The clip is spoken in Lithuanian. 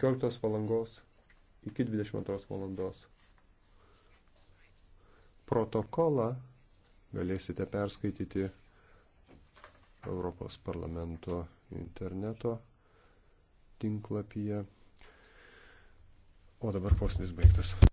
15 valandos iki 22 valandos. Protokolą galėsite perskaityti Europos parlamento interneto tinklapyje. O dabar posnis baigtas.